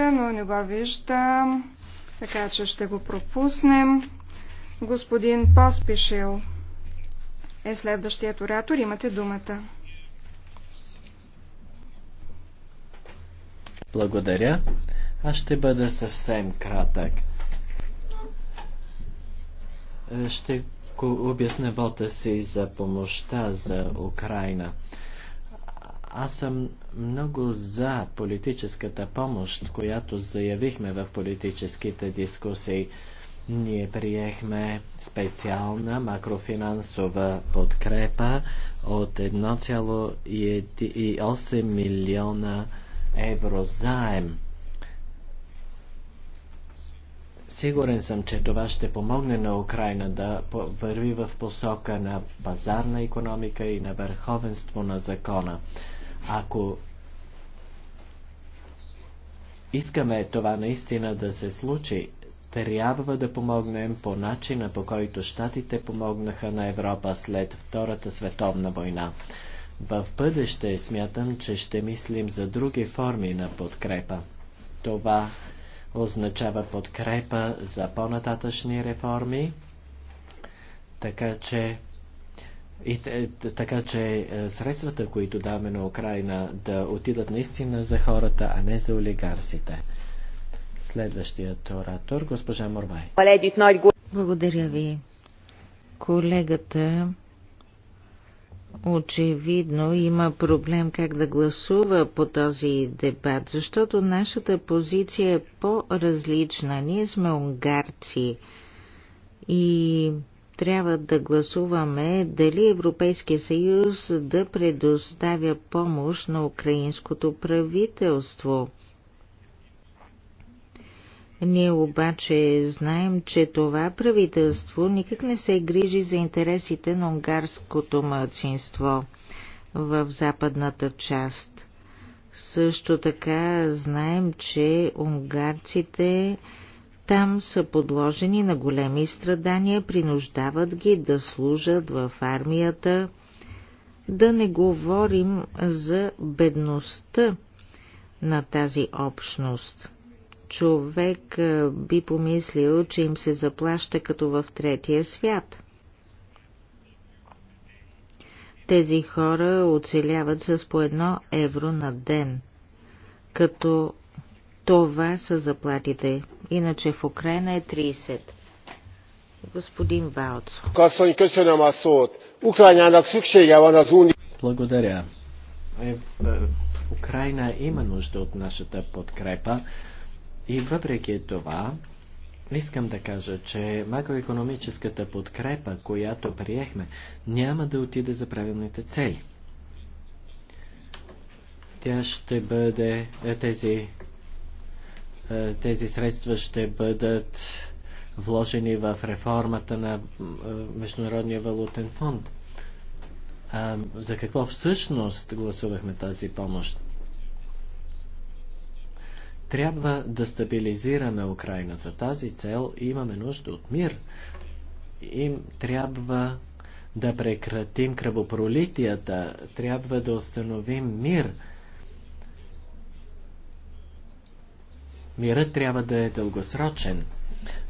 но не го виждам, така че ще го пропуснем. Господин Поспишил е следващият оратор. Имате думата. Благодаря. Аз ще бъда съвсем кратък. Ще обясня вота си за помощта за Украина. Аз съм много за политическата помощ, която заявихме в политическите дискусии. Ние приехме специална макрофинансова подкрепа от 1,8 милиона евро заем. Сигурен съм, че това ще помогне на Украина да върви в посока на пазарна економика и на върховенство на закона. Ако искаме това наистина да се случи, трябва да помогнем по начина, по който щатите помогнаха на Европа след Втората световна война. В бъдеще смятам, че ще мислим за други форми на подкрепа. Това означава подкрепа за по-нататъчни реформи, така че и е, така че е, средствата, които даваме на Украина, да отидат наистина за хората, а не за олигарсите. Следващият оратор, госпожа Морвай. Благодаря ви. Колегата очевидно има проблем как да гласува по този дебат, защото нашата позиция е по-различна. Ние сме унгарци и трябва да гласуваме дали Европейския съюз да предоставя помощ на украинското правителство. Ние обаче знаем, че това правителство никак не се грижи за интересите на унгарското мълцинство в западната част. Също така знаем, че унгарците там са подложени на големи страдания, принуждават ги да служат в армията. Да не говорим за бедността на тази общност. Човек би помислил, че им се заплаща като в третия свят. Тези хора оцеляват с по едно евро на ден, като това са заплатите. Иначе в Украина е 30. Господин Валцо. Благодаря. Е, е, Украина има нужда от нашата подкрепа и въпреки това искам да кажа, че макроекономическата подкрепа, която приехме, няма да отиде за правилните цели. Тя ще бъде, е, тези е, тези средства ще бъдат вложени в реформата на е, Международния валутен фонд. А, за какво всъщност гласувахме тази помощ? Трябва да стабилизираме Украина. За тази цел имаме нужда от мир. Им трябва да прекратим кръвопролитията. Трябва да установим мир. Мирът трябва да е дългосрочен,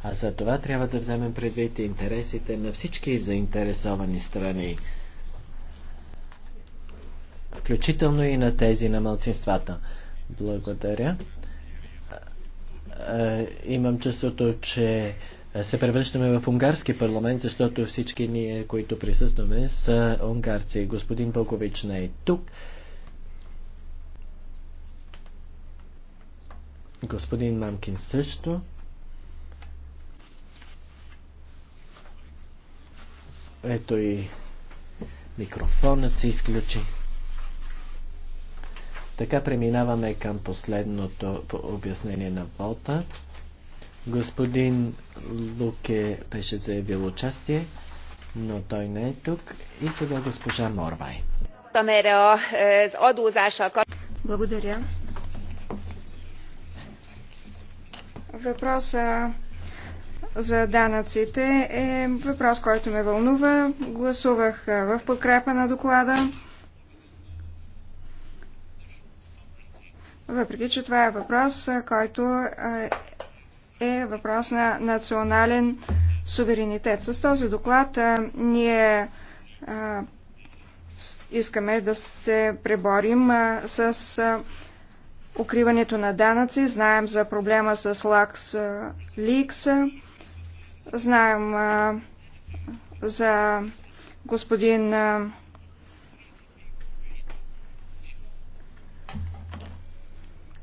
а за това трябва да вземем предвид интересите на всички заинтересовани страни, включително и на тези на малцинствата. Благодаря. Имам чувството, че се превръщаме в унгарски парламент, защото всички ние, които присъстваме, са унгарци. Господин Бълкович не е тук. Господин Мамкин също. Ето и микрофонът се изключи. Така преминаваме към последното обяснение на Волта. Господин Луке беше заявил участие, но той не е тук. И сега госпожа Морвай. Благодаря. Е, Въпроса за данъците е въпрос, който ме вълнува. Гласувах в подкрепа на доклада. Въпреки, че това е въпрос, който е въпрос на национален суверенитет. С този доклад ние искаме да се преборим с укриването на данъци, знаем за проблема с Лакс Ликс, знаем а, за господин а,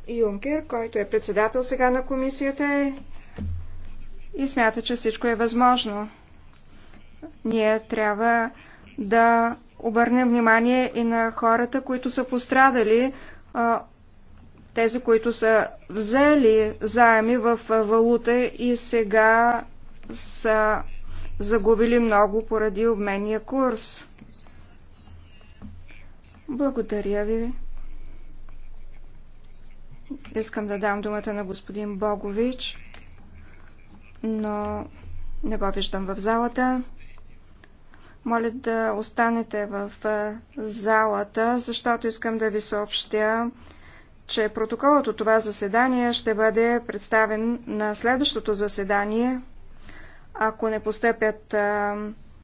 Юнкер, който е председател сега на комисията и смята, че всичко е възможно. Ние трябва да обърнем внимание и на хората, които са пострадали а, тези, които са взели заеми в валута и сега са загубили много поради обменния курс. Благодаря ви. Искам да дам думата на господин Богович, но не го виждам в залата. Моля да останете в залата, защото искам да ви съобщя, че протоколът от това заседание ще бъде представен на следващото заседание, ако не постъпят